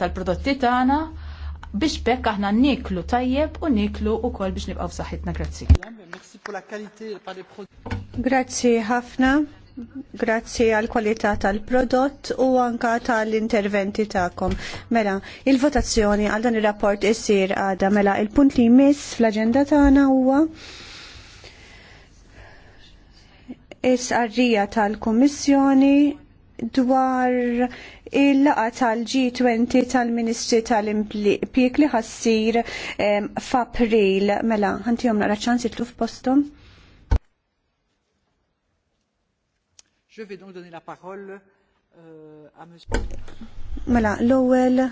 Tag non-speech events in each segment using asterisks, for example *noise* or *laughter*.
tal-prodotti tagħna biex bekk aħna niklu tajjeb u niklu wkoll biex nibqgħu f'saħħitna grazzi. Grazzi ħafna. Grazzi għal kwalità tal-prodott u anka tal-interventi tagħkom. Mela, il-votazzjoni għal dan ir-rapport issir għada mela il-punt li jmiss fl-aġenda tagħna huwa is-arrija tal-Kummissjoni dwar il-laqa tal-G20 tal-Ministri tal impliq li ħassir f'April. Mela, ħanti jom naqra ċans jitlu f'postom? Je la euh, Mela, l-ewwel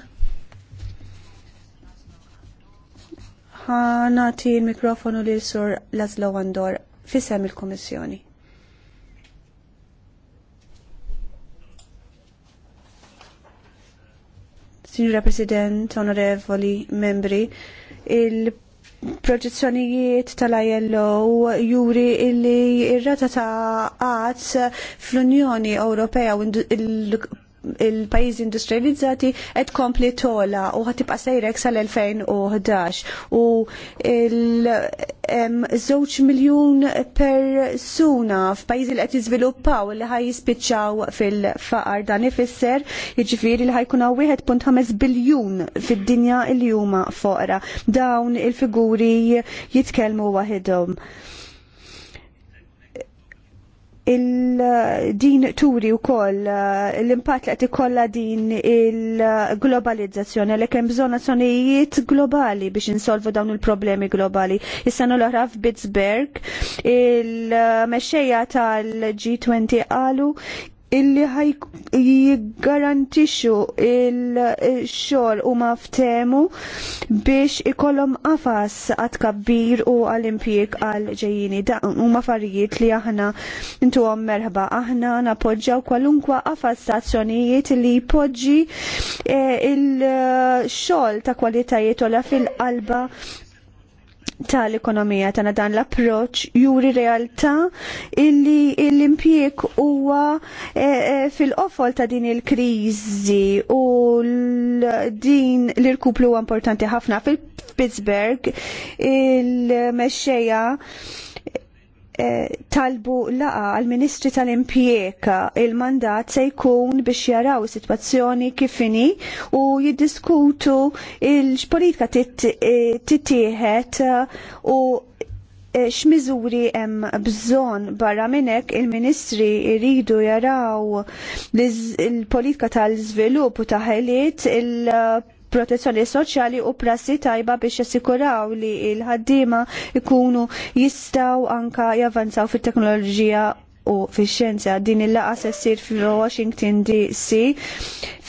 ħanati l-mikrofonu lil Sur Laszlo Għandor Fissem il-Kummissjoni. Signora President, onorevoli membri, il proġezzjonijiet tal-ILO juri illi ir-rata ta' għazz fl-Unjoni Ewropea u il-pajjiżi industrializzati qed kompli tola u ħatibqa' sejrek sal-2011 u il-żewġ miljun persuna f'pajjiżi li qed jiżviluppaw li ħaj jispiċċaw fil-faqar dan ifisser jiġifieri li ħajkun hawn wieħed punt ħames biljun fid-dinja li juma foqra. Dawn il-figuri jitkellmu waħedhom il-din turi u koll eh, l-impat li kolla din il-globalizzazzjoni li kem bżon azzjonijiet globali biex insolvu dawn il-problemi globali. Jissanu l ħraf Bitsberg, il-mexxejja tal-G20 għalu illi ħaj jiggarantixxu il-xogħol huma ftemu biex ikollhom għafas għatkabbir kabbir u għal impjieg għal ġejjini. Da u affarijiet li aħna għom merħba aħna napoġġaw kwalunkwa għafas stazzjonijiet li jpoġġi eh, il-xogħol ta' kwalitajiet la fil-qalba tal-ekonomija tagħna dan l-approċ juri realtà illi l-impjieg huwa eh, eh, fil-qofol ta' din il-kriżi u din l-irkuplu huwa importanti ħafna fil-Pittsburgh il-mexxejja Eh, talbu laqa għal ministri tal-impjeka il-mandat se jkun biex jaraw situazzjoni kifini u jiddiskutu il-politika titieħed eh, eh, u x'miżuri hemm bżonn barra minnek il-ministri jridu jaraw il-politika tal-żvilupp u taħeliet il- protezzjoni soċjali u prassi tajba biex jassikuraw li l-ħaddiema ikunu jistaw anka javanzaw fit-teknoloġija u fix-xjenza. Din il-laqa se ssir fil-Washington DC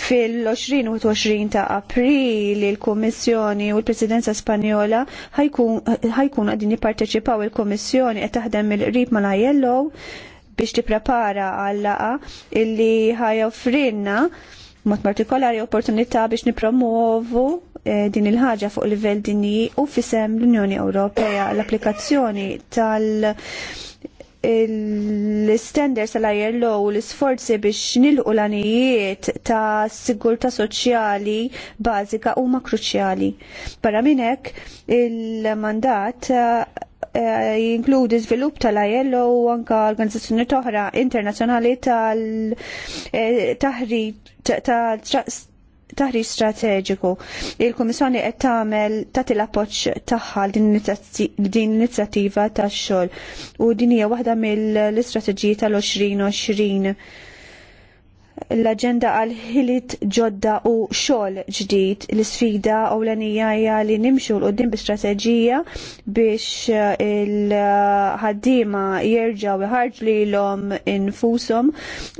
fil-20 u 20 ta' April il-Kummissjoni u l-Presidenza Spanjola ħajkun għadin jipparteċipaw il-Kummissjoni qed taħdem il-qrib ma' jellow biex tipprepara għal laqa illi ħajoffrinna mod partikolari opportunità biex nipromuovu eh, din il-ħaġa fuq livell dinji u fisem l-Unjoni Ewropea l-applikazzjoni tal- eh, l-standards tal-ILO u l-sforzi biex nilqu l-anijiet ta' sigurta soċjali bażika huma kruċjali. Barra minn hekk il-mandat Eh, jinkludi żvilupp tal-ILO u anka organizzazzjoni toħra internazzjonali tal-taħriġ eh, strateġiku. Il-Kummissjoni qed tagħmel tagħti l-appoġġ tagħha din l-inizjattiva tax-xogħol u din hija waħda mill-istrateġiji tal-2020 l-agenda għal ħilit ġodda u xogħol ġdid. L-isfida ewlenija hija li nimxu l qoddim bi-strateġija biex eh, il-ħaddiema jerġgħu l lilhom infushom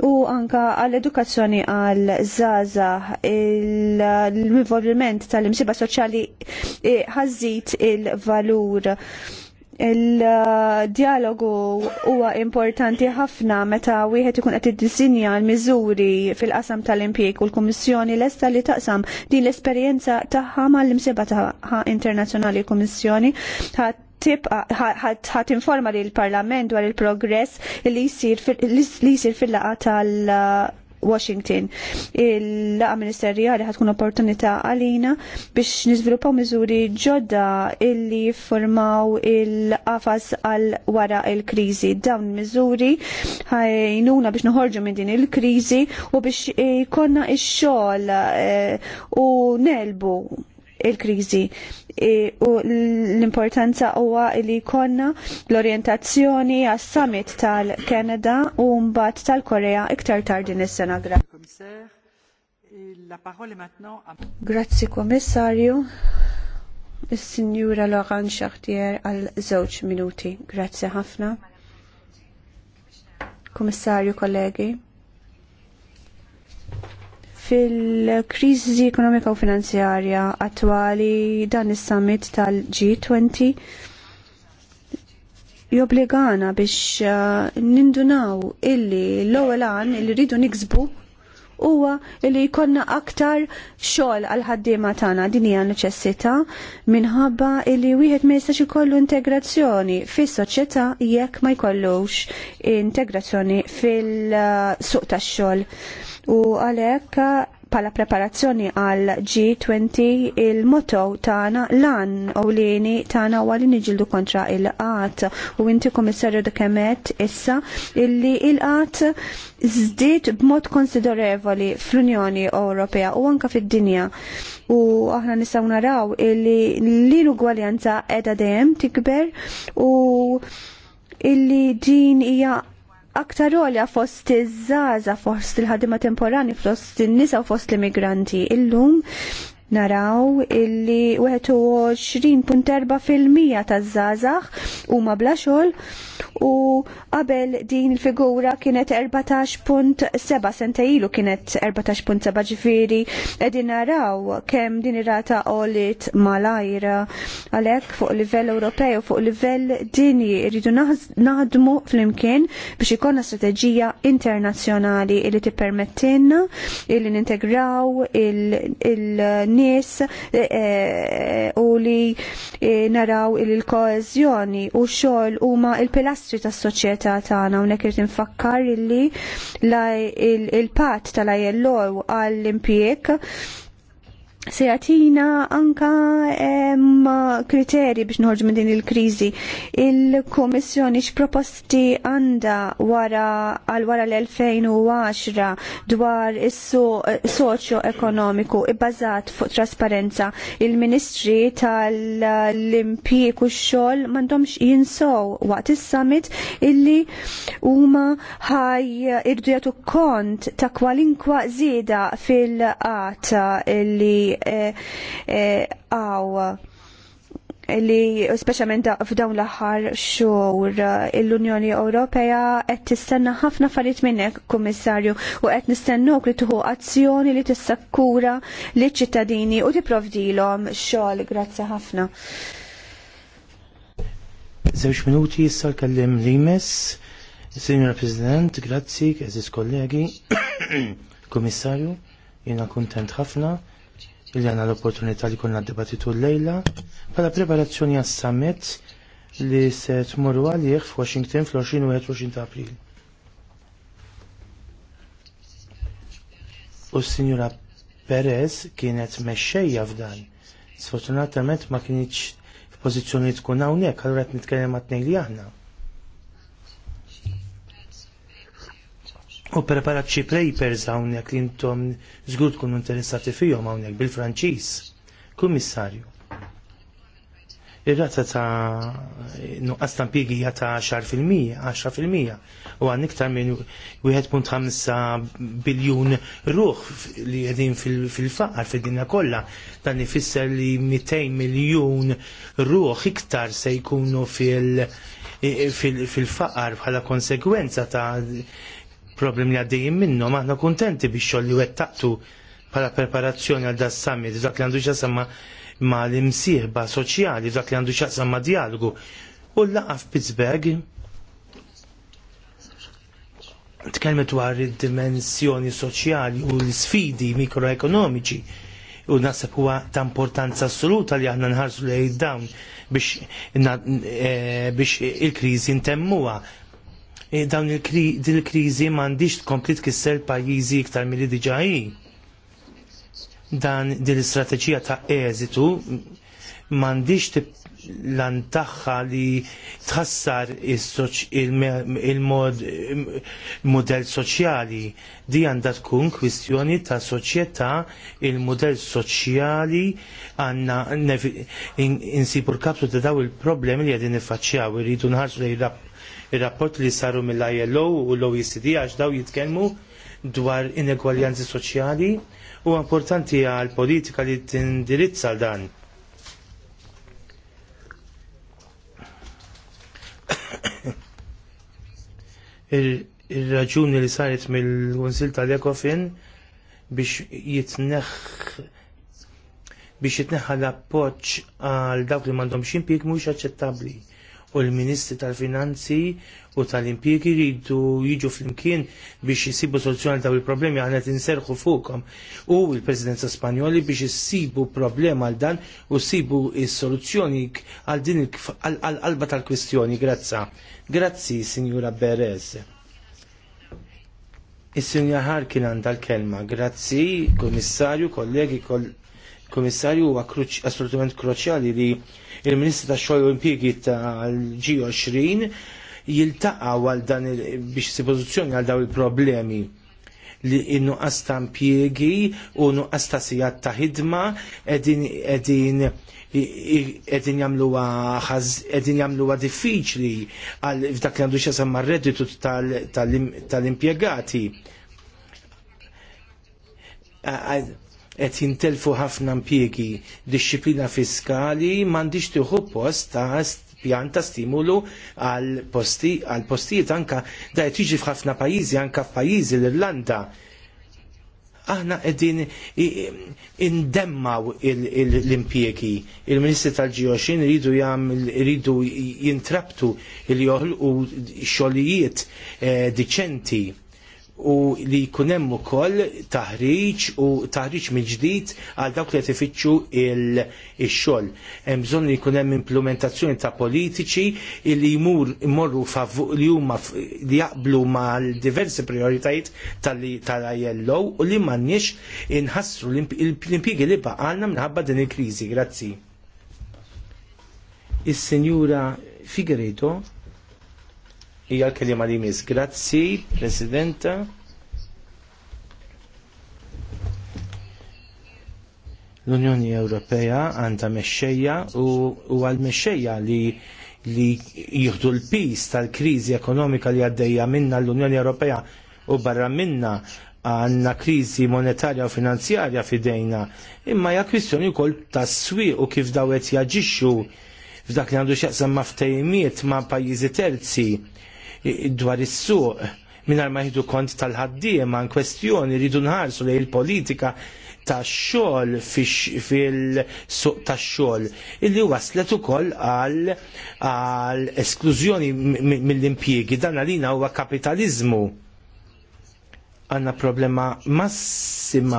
u anka għall-edukazzjoni għal żaża l-involviment tal-imsiba soċjali eh, ħazzit il il valur il-dialogu huwa importanti ħafna meta wieħed ikun qed iddisinja l-miżuri fil-qasam tal-impjeg u l-Kummissjoni lesta li taqsam din l-esperjenza tagħha mal-imsiba tagħha internazzjonali kummissjoni ħat informa li l-Parlament dwar il-progress li jisir fil-laqa tal- Washington. Il-laqa ministerjali ħatkun opportunità għalina biex niżviluppaw miżuri ġodda illi formaw il-qafas għal wara il-kriżi. Dawn miżuri ħajnuna biex noħorġu minn din il-kriżi u biex ikonna ix-xogħol eh, u nelbu il-kriżi e, u l-importanza huwa li jkollna l-orjentazzjoni għas summit tal-Kanada u mbagħad tal-Korea iktar tard din is-sena. Grazzi Komissarju. Is-Sinjura Laurent Chartier għal żewġ minuti. Grazzi ħafna. Komissarju kollegi. Fil-kriżi ekonomika u finanzjarja attwali dan is-summit tal-G20 jobbligana biex uh, nindunaw illi l-ewwel għan illi rridu niksbu huwa li jkollna aktar xogħol għal ħaddiema tagħna din hija neċessità minħabba li wieħed ma jistax ikollu integrazzjoni fis-soċjetà jekk ma jkollux integrazzjoni fil-suq uh, tax-xogħol u għalhekk pala preparazzjoni għal G20 il-motto tana lan u lini tana u għalini ġildu kontra il-qat u inti komissarju da kemet issa illi il-qat zdid b'mod konsiderevoli fl-Unjoni Ewropea u anka fid-dinja u aħna nistgħu naraw illi l-inugwaljanza edha dejjem tikber u illi din hija aktar għolja fost iż-żaza fost il-ħadima temporani fost in-nisa u fost l-immigranti. Illum naraw illi 21.4% taż u huma bla xogħol u qabel din il-figura kienet 14.7 senta ilu kienet 14.7 ġifieri edin naraw kemm din irata rata qolit malajr għalhekk fuq livell Ewropew fuq livell dinji rridu naħdmu flimkien biex ikollna strateġija internazzjonali li tippermettilna illi nintegraw il-nies nies eh, eh, u li eh, naraw il-koezjoni u xogħol huma il-pilastri tas-soċjetà tagħna hawnhekk irid infakkar illi il-patt tal-ILO għall-impjieg se jatina anka em, kriteri biex nħorġu minn din il-krizi. Il-Komissjoni x-proposti għanda wara għal wara l-2010 dwar is soċio ekonomiku ibbażat fuq trasparenza. Il-Ministri tal-Impjek u x-xogħol m'għandhomx jinsow waqt is-summit illi huma ħaj irdujatu jagħtu kont ta' kwalinkwa żieda fil-qata illi Eh, eh, għaw eh, li speċjalment f'dawn l-aħħar xhur l-Unjoni Ewropea qed tistenna ħafna affarijiet minnek, Kummissarju, u qed nistennuk li tuħu azzjoni li kura liċ ċittadini u tipprovdilhom xogħol. Grazzi ħafna. Żewġ minuti issa kellim Limes, Signor President, grazzi, eżis kollegi, *coughs* Kummissarju, jiena kuntent ħafna il għana l-opportunità li konna dibattitu l-lejla pala preparazzjoni għas summit li se tmurru għalih f'Washington fl-20 u 21 ta' april. U s-Sinjura Perez kienet mexxejja f'dan. Sfortunatament ma kienx f'pożizzjoni tkun hawnhekk, allura qed nitkellem għat-tnejn li aħna. U preparat xi papers hawnhekk li intom żgur tkun interessati fihom hawnhekk bil-Franċiż. Kummissarju. Ir-rata ta' nuqqas ta' impjiegi hija ta' 10%, 10% u għan iktar minn 1.5 biljun ruħ li qegħdin fil-faqar fid-dinja kollha. Dan ifisser li 200 miljun ruħ iktar se jkunu fil- fil-faqar bħala konsegwenza ta' problem li għaddejjin minnhom aħna kuntenti biex xogħol li wettaqtu bħala preparazzjoni għal das summit, dak li għandu xasamma ma l-imsieħba soċjali, dak li għandu xasamma dialogu. U laqa Pittsburgh. tkellmet dwar id-dimensjoni soċjali u l-sfidi mikroekonomiċi u nasab huwa ta' importanza assoluta li aħna nħarsu lejn dawn biex, eh, biex il-kriżi ntemmuha E, dawn din il-kriżi m'għandix tkompli tkisser pajjiżi iktar milli diġà Dan din l-istrateġija ta' eżitu m'għandix lan tagħha li tħassar il-mod modell soċjali. Di għandha tkun kwistjoni ta' soċjetà il-modell soċjali għandna insibu l-kaptu ta' daw il-problemi li għedin nifaċċjaw irridu nħarsu lejn ir-rapport li saru mill-ILO u l-OECD għax daw jitkellmu dwar inegwaljanzi soċjali u importanti għal politika li tindirizza l dan. *coughs* Ir-raġuni li saret mill-Kunsil tal-Ekofin biex jitneħ biex jitneħħa l-appoċ għal dawk li m'għandhomx impjieg mhux aċċettabbli u l-Ministri tal-Finanzi u tal-Impjegi jridu jiġu flimkien biex jisibu soluzzjoni ta' il-problemi għana tinserħu fukom. u l-Presidenza Spanjoli biex jisibu problema għal dan u jisibu soluzzjoni għal din għal-qalba tal-kwistjoni. Grazza. Grazzi, Signora Berez. Is-Sinja Harkin għandha l-kelma. Grazzi, Komissarju, kollegi, kollegi Komissarju huwa assolutament kruċjali li il ministru ta' xogħol Olimpiki tal-G20 jiltaqgħu għal dan biex si għal dawn il-problemi li innuqqas ta' impjiegi u nuqqas ta' sigħat ta' ħidma qegħdin edin jamlu edin jamluwa diffiċli għal f'dak li għandu xesam ma' redditu tal-impiegati qed jintelfu ħafna impjiegi disċiplina fiskali m'għandix tieħu post ta' pjan ta' stimulu għal posti għal postijiet anka da qed f'ħafna pajjiżi anka f'pajjiżi l-Irlanda aħna qegħdin indemmaw l-impjegi. Il-Ministri g ridu iridu ridu jintraptu jintrabtu il joħolqu xogħlijiet eh, diċenti u li kunem u koll taħriġ u taħriġ minn ġdid għal dawk li tifittxu il-xol. Hemm bżonn li kunem implementazzjoni ta' politiċi li jmurru li huma li jaqblu mal diversi prioritajiet tal-ILO u li m'għandniex inħassru l-impjiegi li għalna minħabba din il-kriżi. Grazzi. Is-Sinjura Figueredo Ija l-kelima li mis. Grazzi, Presidenta. L-Unjoni Ewropea għandha mexxejja u għal mexxejja li li jieħdu l-pis tal-kriżi ekonomika li għaddejja minna l-Unjoni Ewropea u barra minna għanna kriżi monetarja u finanzjarja fidejna. Imma hija kwistjoni wkoll tas-swieq u kif dawet jaġixxu f'dak li għandu x'jaqsam ma' ftejmiet ma' pajjiżi terzi dwar is-suq mingħajr ma jidu kont tal-ħaddiem man kwestjoni ridu nħarsu lejn il-politika tax-xogħol fil-suq tax-xogħol illi waslet ukoll għal esklużjoni mill-impjiegi dan għalina huwa kapitaliżmu għanna problema massima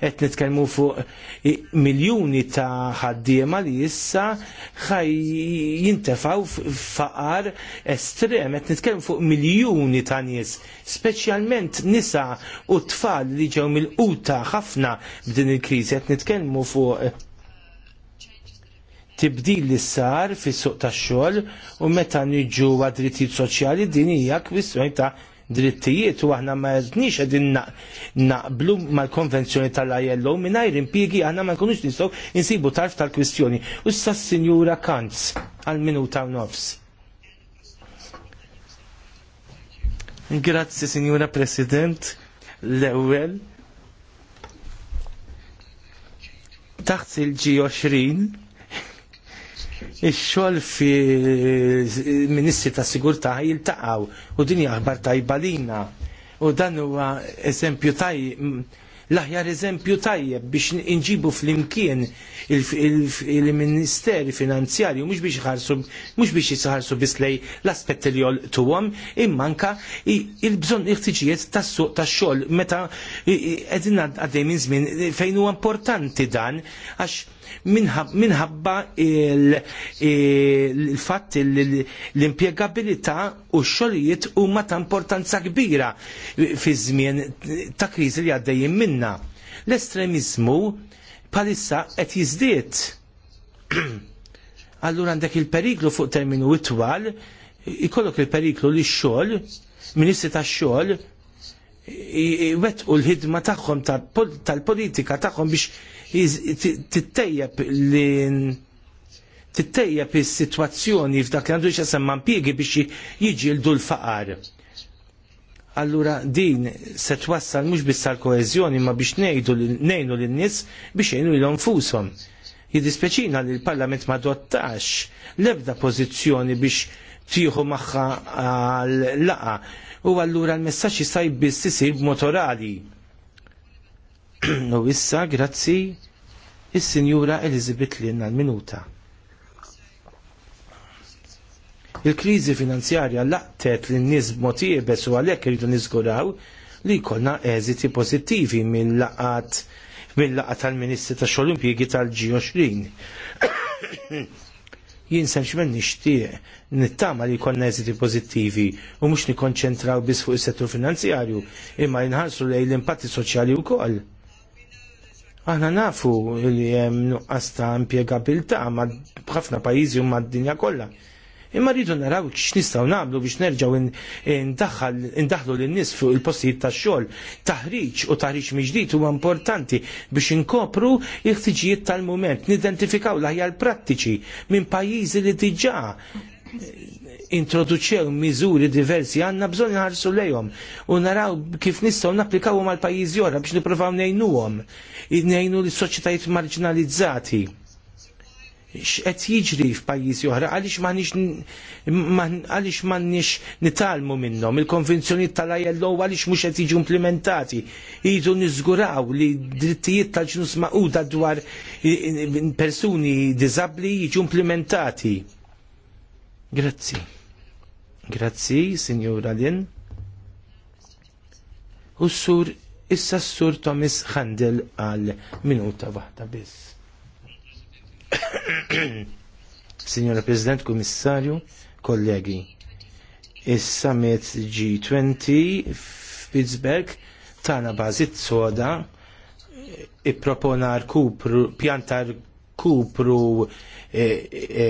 qed nitkellmu fuq miljuni ta' ħaddiema li issa xaj jintefaw faqar estrem qed nitkellmu fuq miljuni ta' nies, speċjalment nisa u tfal li ġew mil quta ħafna b'din il-kriżi qed nitkellmu fuq tibdil li sar fis suq tax xogħol u meta niġu għad-drittijiet soċjali din hija kwistjoni ta' drittijiet u aħna ma rridniex qegħdin naqblu mal-konvenzjoni tal-ILO mingħajr impiegi aħna ma nkunux nistgħu insibu tarf tal-kwistjoni. U issa s-Sinjura Kantz għal minuta u nofs. Grazzi, signora President, l-ewwel. Taħt il-G20 Ix-xogħol fi ministri ta' sigurtà jiltaqgħu u din hija aħbar tajba lilna. U dan huwa eżempju tajjeb, l-aħjar eżempju tajjeb biex inġibu fl-imkien il-Ministeri u mhux biex ħarsu mhux biex jisħarsu bislej l-aspetti li joltuhom imma anka il-bżonn il-ħtiġijiet tas-suq tax-xogħol meta qegħdin għaddej minn żmien fejn huwa importanti dan għax minħabba il-fatt l-impiegabilità u x-xogħlijiet huma ta' importanza kbira fi żmien ta' kriżi li għaddejjin minna. L-estremizmu palissa qed jiżdied. *clears throat* Allura għandek il-periklu fuq terminu itwal, ikollok il-periklu li x-xogħol, ministri tax xogħol wetqu l-ħidma tagħhom tal-politika tagħhom biex tittejjeb li tittejjeb is-sitwazzjoni f'dak li għandu xasemma impjiegi biex jiġildu l-faqar. Allura din se twassal mhux biss tal-koeżjoni ma biex ngħidu ngħinu lin-nies biex jgħinu lilhom fushom. Jiddispjaċina li l-Parlament ma dottax l-ebda pożizzjoni biex tieħu magħha l-laqa u allura l-messaġġ jista' biss isir motorali. *clears throat* U issa, grazzi, il sinjura Elizabeth Linna għal-minuta. Il-kriżi finanzjarja laqtet lin-nies motie besu u għalhekk iridu niżguraw li jkollna eżiti pożittivi minn laqat tal-Ministri tax-Xogħol Impjiegi tal-G20 jien xmen nixtieq nittama li jkollna eżiti pożittivi u mhux nikkonċentraw biss fuq is-settur finanzjarju imma jinħarsu lejn l-impatti soċjali wkoll. Aħna nafu li hemm nuqqas ta' impjegabilità ma' b'ħafna pajjiżi u mad-dinja kollha. Imma rridu naraw x'nistgħu nagħmlu biex nerġgħu indaħħlu lin-nies fuq il-postijiet tax-xogħol. Taħriġ u taħriġ miġdid huwa importanti biex inkopru l-ħtiġijiet tal-mument, nidentifikaw l-aħjar prattiċi minn pajjiżi li diġà introduċew miżuri diversi għanna bżon nħarsu lejhom u naraw kif nistgħu napplikawhom għal pajjiżi oħra biex nippruvaw ngħinuhom, ngħinu l-soċjetajiet marginalizzati x'qed jiġri f'pajjiżi oħra għaliex m'għandniex għaliex m'għandniex nitalmu minnhom il-konvenzjonijiet tal-ILO għaliex mhux qed jiġu implementati. Idu niżguraw li drittijiet tal-ġnus maquda dwar persuni diżabbli jiġu implementati. Grazzi. Grazzi, Sinjura Lin. U s-sur, issa s-sur Thomas Handel għal minuta waħda biss. Signora President, Kummissarju, kollegi, is-summit G20 Pittsburgh tana bazit soda i-proponar kupru pjantar kupru e, e,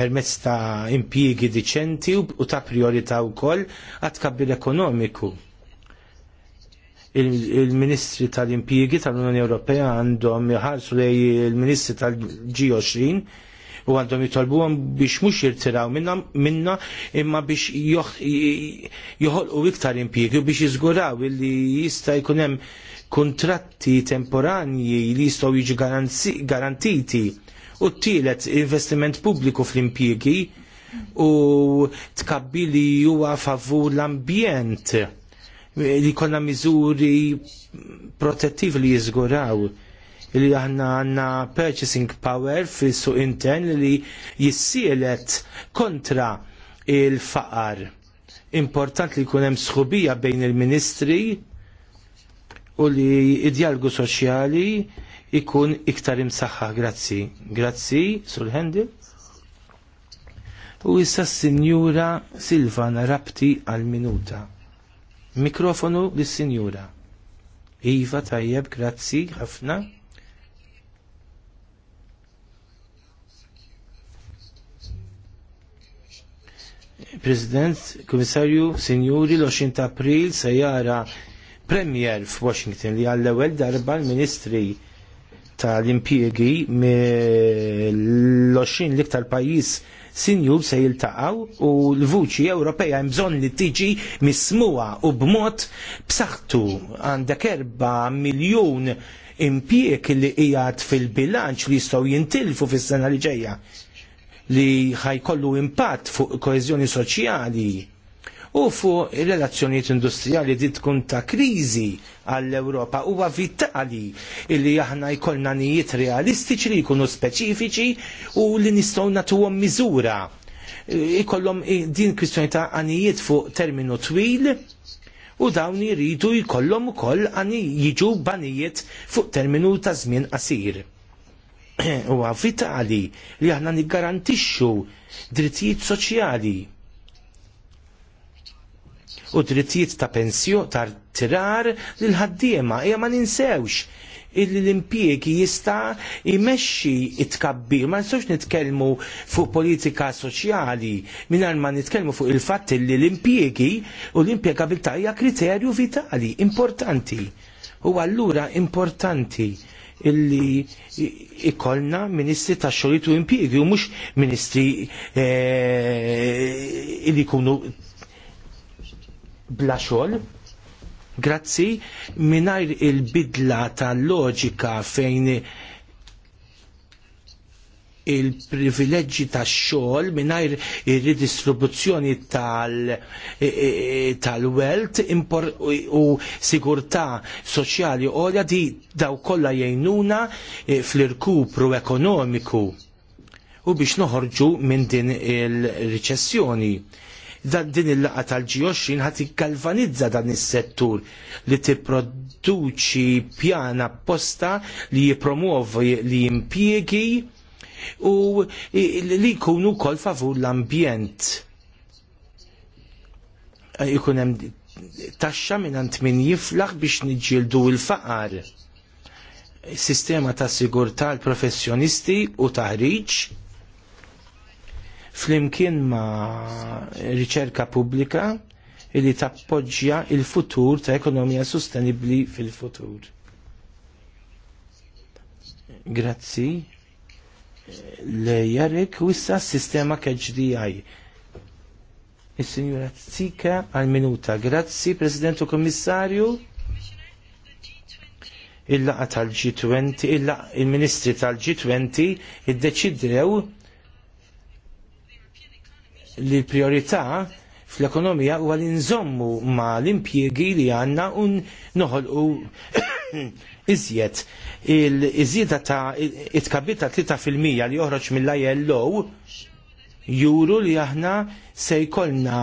permezz ta' impjiegi diċenti u ta' priorità wkoll għat kabbir ekonomiku il-Ministri tal-Impjiegi tal-Unjoni Ewropea għandhom jħarsu lej il-Ministri tal-G20 u għandhom jitolbu għam biex mux jirtiraw minna, minna imma biex joħolqu iktar impjiegi u biex jizguraw illi jista jkunem kontratti temporanji li jistaw jiġi garantiti u t-tielet investiment pubbliku fl impiegi u tkabbi li huwa favur l-ambjent li konna miżuri protettivi li jizguraw li aħna għanna purchasing power fissu suq intern li jissielet kontra il-faqar. Important li kunem sħubija bejn il-ministri u li id-dialgu soċjali ikun iktar imsaħħa. Grazzi. Grazzi, sul Hendi. U issa s-Sinjura Silvana Rapti għal-minuta. Mikrofonu lis-Sinjura. Iva tajjeb, grazzi ħafna. President, Komissarju, Sinjuri, l-20 ta' April se jara Premier f'Washington li għall ewwel darba l-Ministri tal-impjegi mill-20 l-iktar pajjiż sinjur se jiltaqaw u l-vuċi Ewropeja bżonn li tiġi mismuwa u b'mod b'saħħtu għandek 4 miljun impjieg li qiegħed fil-bilanċ li jistgħu jintilfu fis-sena li ġejja li ħajkollu impatt fuq koeżjoni soċjali u fuq il-relazzjoniet industrijali li tkun ta' krizi għall-Europa huwa vitali illi aħna jkollna nijiet realistiċi li jkunu speċifiċi u li nistgħu nagħtuhom miżura. Ikollhom din kwistjoni ta' għanijiet fuq terminu twil u dawn jiridu jkollhom ukoll jiġu banijiet fuq terminu ta' żmien qasir *clears throat* huwa vitali li aħna niggarantixxu drittijiet soċjali u drittijiet ta' pensjon ta' tirar l ħaddiema hija ma ninsewx l-impiegi jista' imexxi it-kabbir. Ma nistgħux nitkellmu fuq politika soċjali mingħajr ma nitkellmu fuq il-fatt li l-impiegi u l-impjegabilità hija kriterju vitali, importanti. U allura importanti illi ikollna ministri ta' xoritu u impjiegi u mhux ministri eh, illi jkunu bla xogħol, grazzi mingħajr il-bidla tal-loġika fejn il-privileġġi tax xogħol mingħajr ir-ridistribuzzjoni e, e, e, tal-welt u sigurtà soċjali għolja di daw kollha jgħinuna fl-irkupru ekonomiku u biex noħorġu minn din il-riċessjoni dan din il-laqa tal-G20 ħat galvanizza dan is-settur li tipproduċi pjana apposta li jipromuovi li impjiegi u li jkunu kol favur l-ambjent. Ikun hemm taxxa minant min jiflaħ biex niġġieldu l-faqar. Sistema ta' sigurtà l-professjonisti u taħriġ flimkien ma' riċerka pubblika li tappoġġja il-futur ta' ekonomija sostenibbli fil-futur. Grazzi. Lejarik u issa s-sistema KHDI. is Signora Tzika għal-minuta. Grazzi, Presidentu Kommissarju il-laqa tal-G20, il-ministri tal-G20 id-deċidrew li l-priorità fl-ekonomija huwa li nżommu ma l-impjiegi li għanna un noħolqu *coughs* iżjed. Il-iżjeda ta' it kabita 3% li joħroġ mill-ILO juru li aħna se jkollna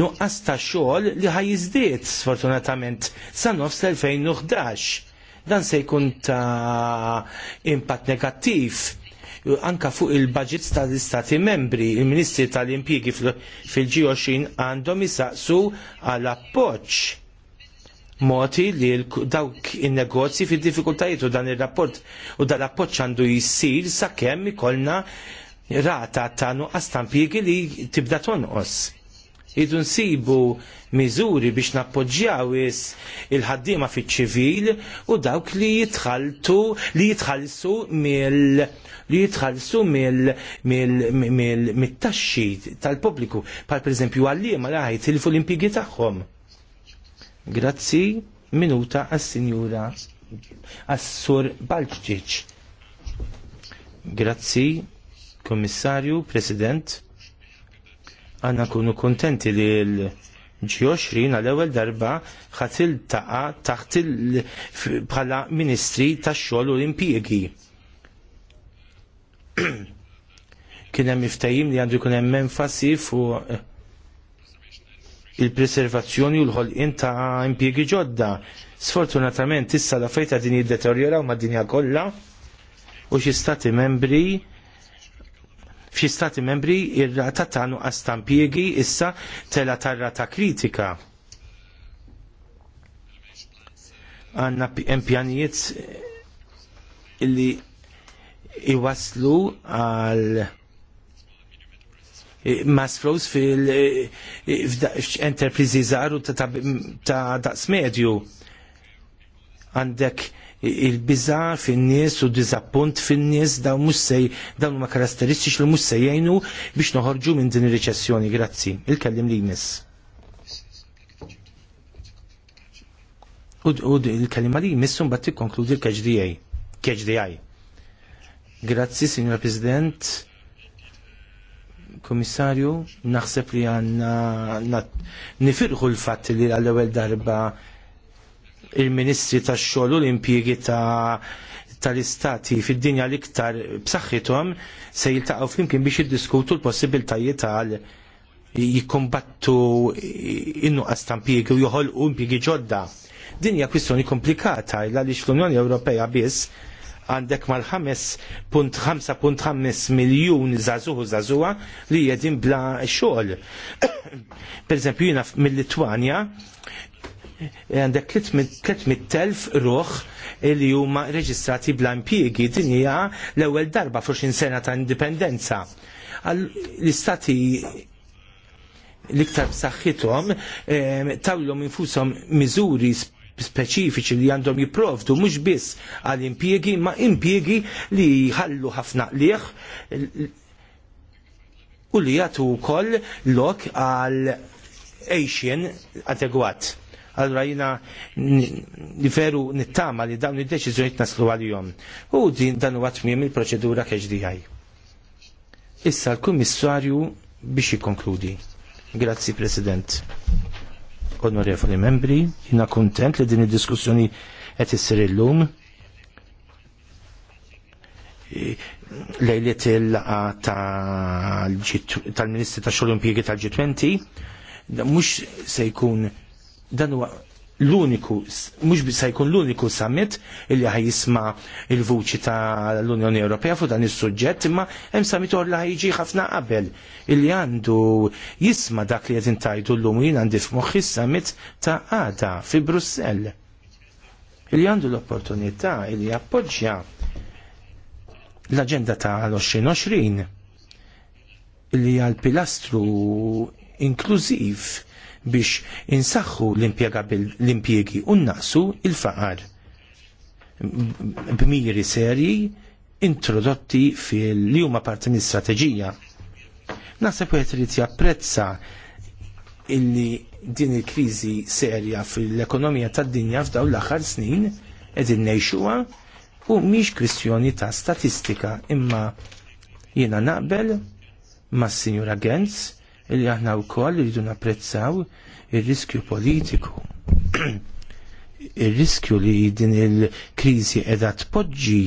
nuqqas ta' xogħol li ħajjiżdied sfortunatament sa nofs 2011. Dan se jkun ta' impatt negattiv anka fuq il-budgets tal-istati membri, il-ministri impjiegi fil fil-G20 għandhom jisaqsu għal appoġġ moti li dawk in-negozji fid diffikultajiet u dan ir-rapport u dan l-appoġġ għandu jsir sakemm ikollna rata ta' nuqqas impjiegi li tibda tonqos Idu nsibu miżuri biex nappoġġjaw il-ħaddiema fiċ-ċivil u dawk li jitħaltu li jitħallsu mill li jitħallsu mill-taxxi tal-pubbliku bħal pereżempju għalliema li ħajt tilfu l impjiegi tagħhom. Grazzi minuta għas-Sinjura għas-Sur Grazzi, Kommissarju, President Għanna kunu kontenti li l-G20 għal-ewel darba ħatil taqa taħt bħala ministri tax xogħol u l-impjiegi. *clears throat* Kien hemm iftajim li għandu jkun hemm enfasi fuq eh, il-preservazzjoni u l-ħolqien ta' impjiegi ġodda. Sfortunatament issa la fejta din jiddeterjoraw mad dinja kollha u xi stati membri F'xi stati membri ir-rata ta' nuqqas issa tela tarra ta' kritika. Għanna impjanijiet li iwaslu għal mass flows fil-enterprizi zaru ta' daqs medju għandek il-biżar fin-nies u dizappunt fin-nies dawn mhux sej dawn huma karatteristiċi li mhux se jgħinu biex noħorġu minn din ir-riċessjoni. Grazzi. Il-kellim li jmiss. U il kellima li jmiss mbagħad tikkonkludi l kgdi KGDI. Grazzi, Signora President. Komissarju, naħseb li għanna nifirħu l-fatt li għall-ewwel darba il-Ministri tax-xogħol u l-impjiegi ta' tal-istati fid-dinja l-iktar b'saħħithom se jiltaqgħu flimkien biex jiddiskutu l-possibiltajiet għal jikkombattu in-nuqqas ta' impjiegi u joħolqu impjiegi ġodda. Din hija kwistjoni komplikata għaliex l-Unjoni Ewropea biss għandek mal-5.5 miljun zazuhu zazuwa li jedin bla xogħol. *coughs* per jiena jina mill-Litwanja għandek 300.000 ruħ li huma reġistrati bla impjiegi din hija l-ewwel darba fuxin sena ta' indipendenza. L-istati l-iktar b'saħħithom ehm, tawlhom infushom miżuri speċifiċi li għandhom jiprovdu mhux biss għal impjiegi ma impjiegi li jħallu ħafna liħ u li jagħtu wkoll lok għal għejxien adegwat. Allora jina veru nittama li dawn id-deċiżjonijiet naslu għal-jom. U din dan huwa tmiem il-proċedura KHDI. Issa l-Kummissarju biex jikkonkludi. Grazzi President. Onorevoli membri, jina kontent li din id-diskussjoni qed issir illum e, lejliet il-laqa tal-Ministri tal-Xogħol tal-G20 mhux se jkun dan huwa l-uniku, mux se jkun l-uniku summit illi ħaj jisma il-vuċi ta' l-Unjoni Ewropea fuq dan is-suġġett, imma hemm summit or li ħajġi ħafna qabel illi għandu jisma dak li qed intajdu llum jien għandi f'moħħi summit ta' għada fi Brussell. Illi għandu l-opportunità li jappoġġja l-aġenda ta' l-2020 illi għal pilastru inklużiv biex insaħħu l-impjegi u naqsu il-faqar b'miri serji introdotti fil-li huma parti mis istrateġija Naħseb wieħed irid japprezza illi din il-kriżi serja fil-ekonomija tad-dinja f'dawn l-aħħar snin qegħdin ngħixuha u mhix kwistjoni ta' statistika imma jiena naqbel mas-Sinjura Gens illi aħna wkoll iridu napprezzaw ir-riskju politiku. *clears throat* ir-riskju li din il-kriżi qiegħda tpoġġi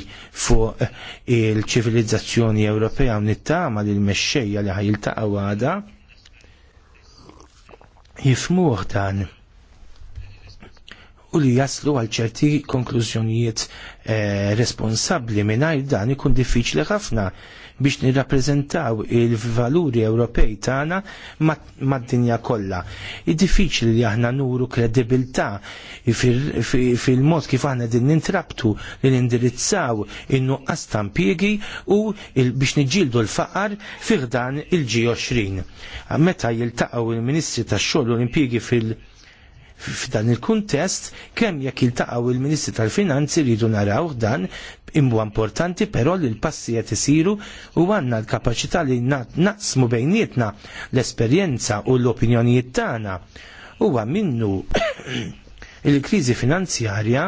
fuq il-ċivilizzazzjoni Ewropea u nittama li l-mexxejja li ta' għada jifmuħ dan u li jaslu għal ċerti konklużjonijiet eh, responsabbli mingħajr dan ikun diffiċli ħafna biex nirrappreżentaw il-valuri Ewropej tagħna mad-dinja kollha. Id-diffiċli li aħna nuru kredibilità fil-mod kif aħna din nintrabtu li nindirizzaw in-nuqqas impjiegi u biex niġġieldu l-faqar fiħdan il-G20. Meta jiltaqgħu il-Ministri tax-xogħol u l-impjiegi fil- f'dan il-kuntest kemm jekk jiltaqgħu il-Ministri tal-Finanzi rridu naraw dan Imbu importanti però li l-passi qed isiru u għandna l-kapaċità li naqsmu bejnietna l-esperjenza u l-opinjonijiet tagħna. u minnu *coughs* il-kriżi finanzjarja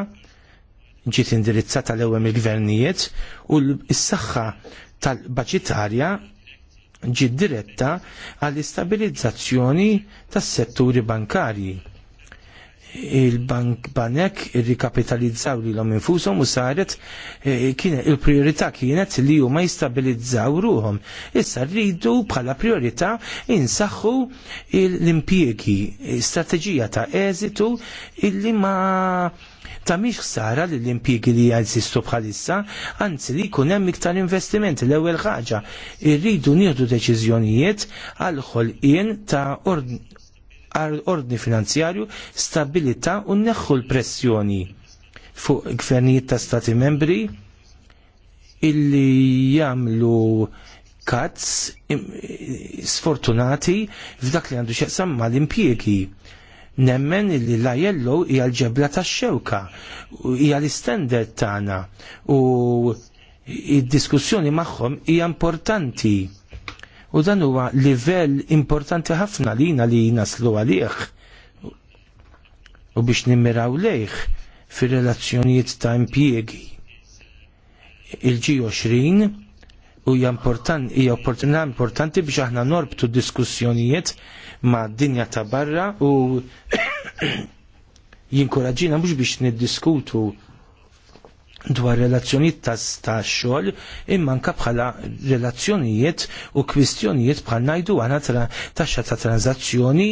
ġiet indirizzata l-ewwel mill-gvernijiet u s-saħħa tal-baċitarja ġiet diretta għall-istabilizzazzjoni tas-setturi bankarji il-bank banek rikapitalizzaw li l-om infusom u saret e, il priorita kienet li huma jistabilizzaw ruhom. Issa rridu bħala priorità insaħħu l impiegi e, strateġija ta' eżitu illi ma ta' miex ħsara li l impiegi li jazistu bħalissa, anzi li jkun hemm iktar investimenti l ewwel ħaġa. Irridu nieħdu deċiżjonijiet għal ħolqien ta' ordni finanzjarju, stabilità u neħħu l-pressjoni fuq gvernijiet ta' stati membri illi jagħmlu kats sfortunati f'dak li għandu xeqsam ma l impiegi Nemmen illi la jellu hija l-ġebla tax-xewka, hija l-istandard tagħna u id-diskussjoni magħhom hija importanti U dan huwa livell importanti ħafna lina li naslu għalih u biex nimmiraw lejh fir-relazzjonijiet ta' impjiegi. il ġi 20 u importanti hija opportunità importanti biex aħna norbtu diskussjonijiet ma' dinja ta' barra u *coughs* jinkoraġina mhux biex niddiskutu dwar relazzjonijiet ta' xogħol imma anke bħala relazzjonijiet u kwistjonijiet bħal najdu għana taxxa ta' tranzazzjoni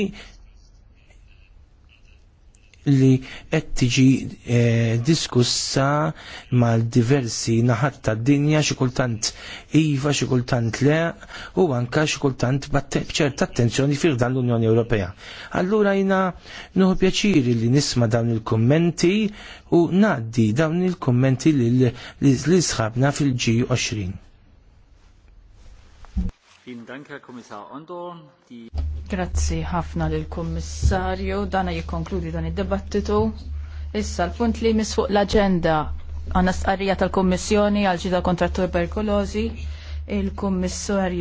li qed tiġi eh, diskussa mal diversi naħat tad-dinja xi kultant iva, xi kultant le, u anka xi kultant ċerta attenzjoni fir dan l-Unjoni Ewropea. Allura jina nuħu pjaċiri li nisma dawn il-kummenti u naddi dawn il-kummenti li sħabna fil-G20. Grazzi ħafna lil kummissarju dana jikkonkludi dan id-dibattitu. Issa l-punt li mis fuq l-agenda għanna stqarrija tal-Kommissjoni għal ġida kontrattur berkolozi, il-Kummissarju